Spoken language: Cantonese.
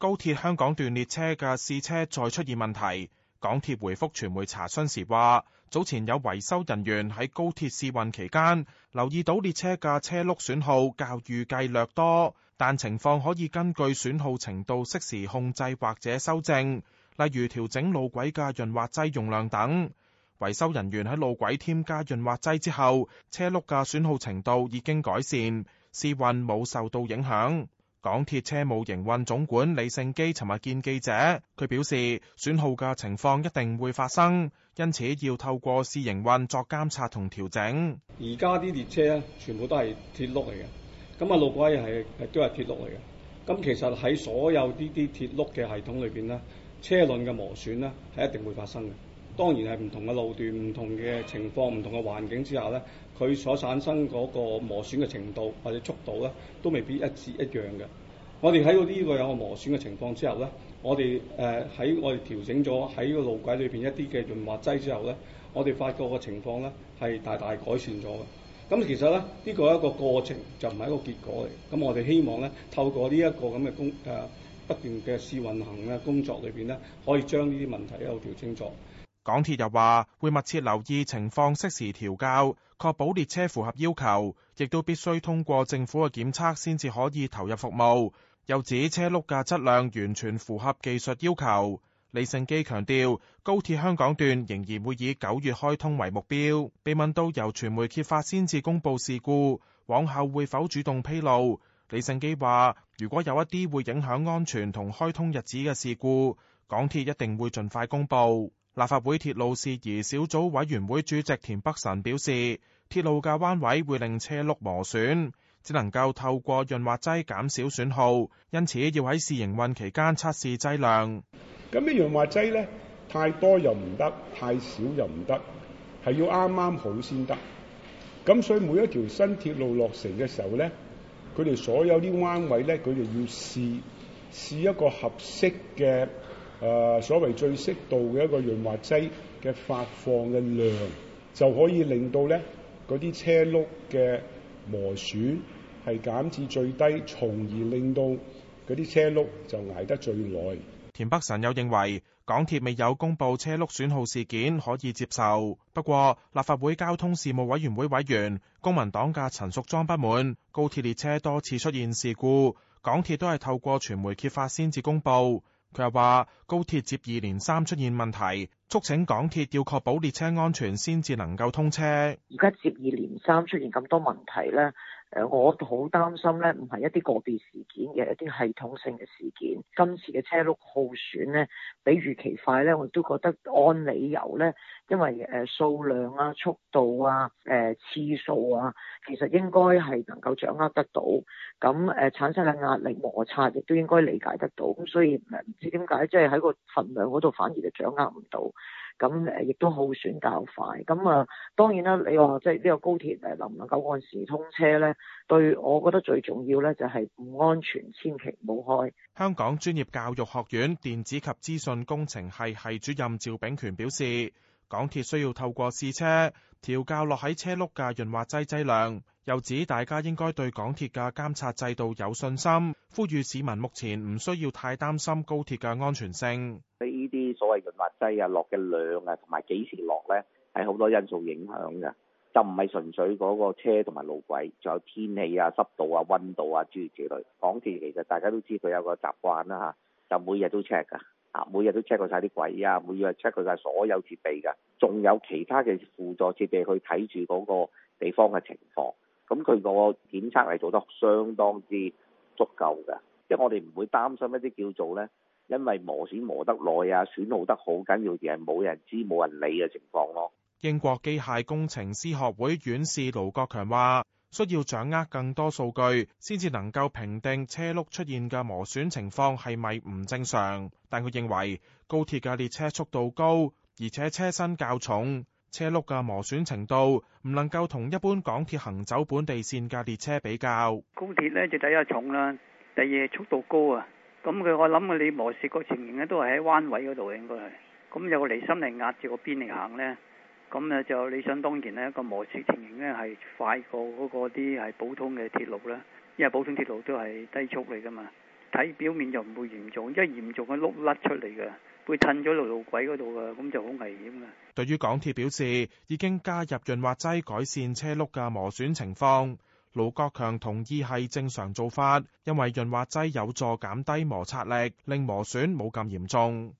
高鐵香港段列車嘅試車再出現問題，港鐵回覆傳媒查詢時話：早前有維修人員喺高鐵試運期間留意到列車嘅車轆損耗較預計略多，但情況可以根據損耗程度適時控制或者修正，例如調整路軌嘅潤滑劑用量等。維修人員喺路軌添加潤滑劑之後，車轆嘅損耗程度已經改善，試運冇受到影響。港鐵車務營運總管李勝基尋日見記者，佢表示損耗嘅情況一定會發生，因此要透過試營運作監察同調整。而家啲列車咧，全部都係鐵轆嚟嘅，咁啊路軌係都係鐵轆嚟嘅。咁其實喺所有呢啲鐵轆嘅系統裏邊咧，車輪嘅磨損咧係一定會發生嘅。當然係唔同嘅路段、唔同嘅情況、唔同嘅環境之下咧，佢所產生嗰個磨損嘅程度或者速度咧，都未必一致一樣嘅。我哋喺呢個有個磨損嘅情況之後咧，我哋誒喺我哋調整咗喺個路軌裏邊一啲嘅潤滑劑之後咧，我哋發覺個情況咧係大大改善咗嘅。咁其實咧呢、呢個一個過程就唔係一個結果嚟。咁我哋希望咧透過呢一個咁嘅工誒、呃、不斷嘅試運行咧工作裏邊咧，可以將呢啲問題咧調清楚。港鐵又話會密切留意情況，適時調校，確保列車符合要求，亦都必須通過政府嘅檢測先至可以投入服務。又指車轆嘅質量完全符合技術要求。李勝基強調，高鐵香港段仍然會以九月開通為目標。被問到由傳媒揭發先至公布事故，往後會否主動披露？李勝基話：如果有一啲會影響安全同開通日子嘅事故，港鐵一定會盡快公布。立法會鐵路事宜小組委員會主席田北辰表示，鐵路嘅彎位會令車轆磨損，只能夠透過潤滑劑減少損耗，因此要喺試營運期間測試劑量。咁呢潤滑劑咧，太多又唔得，太少又唔得，係要啱啱好先得。咁所以每一條新鐵路落成嘅時候咧，佢哋所有啲彎位咧，佢哋要試試一個合適嘅。誒所謂最適度嘅一個潤滑劑嘅發放嘅量，就可以令到咧嗰啲車轆嘅磨損係減至最低，從而令到嗰啲車轆就捱得最耐。田北辰又認為港鐵未有公布車轆損耗事件可以接受，不過立法會交通事務委員會委員公民黨嘅陳淑莊不滿高鐵列車多次出現事故，港鐵都係透過傳媒揭發先至公布。佢又話高鐵接二連三出現問題，促請港鐵要確保列車安全，先至能夠通車。而家接二連三出現咁多問題咧，誒，我好擔心咧，唔係一啲個別事件嘅，是一啲系統性嘅事件。今次嘅車轆耗損咧，比預期快咧，我都覺得按理由咧，因為誒數量啊、速度啊、誒次數啊，其實應該係能夠掌握得到。咁誒，產生嘅壓力摩擦亦都應該理解得到。咁所以唔知點解，即係喺個份量嗰度反而就掌握唔到。咁誒，亦都耗損較快。咁啊，當然啦，你話即係呢個高鐵誒，能唔能夠按時通車呢？對我覺得最重要呢，就係唔安全，千祈唔好開。香港專業教育學院電子及資訊工程系系主任趙炳權表示，港鐵需要透過試車調校落喺車轆嘅潤滑劑劑量。又指大家應該對港鐵嘅監察制度有信心，呼籲市民目前唔需要太擔心高鐵嘅安全性。所謂的潤滑劑啊，落嘅量啊，同埋幾時落咧，係好多因素影響嘅，就唔係純粹嗰個車同埋路軌，仲有天氣啊、濕度啊、溫度啊諸如此類。港鐵其實大家都知佢有個習慣啦吓，就每日都 check 噶，啊每日都 check 過晒啲軌啊，每日 check 佢晒所有設備噶，仲有其他嘅輔助設備去睇住嗰個地方嘅情況，咁佢個檢測係做得相當之足夠嘅，即係我哋唔會擔心一啲叫做咧。因為磨損磨得耐啊，損耗得好緊要而係冇人知冇人理嘅情況咯、啊。英國機械工程師學會院士盧國強話，需要掌握更多數據，先至能夠評定車轆出現嘅磨損情況係咪唔正常。但佢認為，高鐵嘅列車速度高，而且車身較重，車轆嘅磨損程度唔能夠同一般港鐵行走本地線嘅列車比較。高鐵呢就第一重啦，第二速度高啊。咁佢我諗嘅，你磨蝕個情形咧，都係喺彎位嗰度應該係。咁有個離心力壓住個邊嚟行咧，咁啊就理想當然咧，個磨蝕情形咧係快過嗰個啲係普通嘅鐵路啦。因為普通鐵路都係低速嚟噶嘛，睇表面就唔會嚴重，一嚴重嘅轆甩出嚟噶，會褪咗落路軌嗰度噶，咁就好危險啊。對於港鐵表示已經加入潤滑劑改善車轆嘅磨損情況。盧國強同意係正常做法，因為潤滑劑有助減低摩擦力，令磨損冇咁嚴重。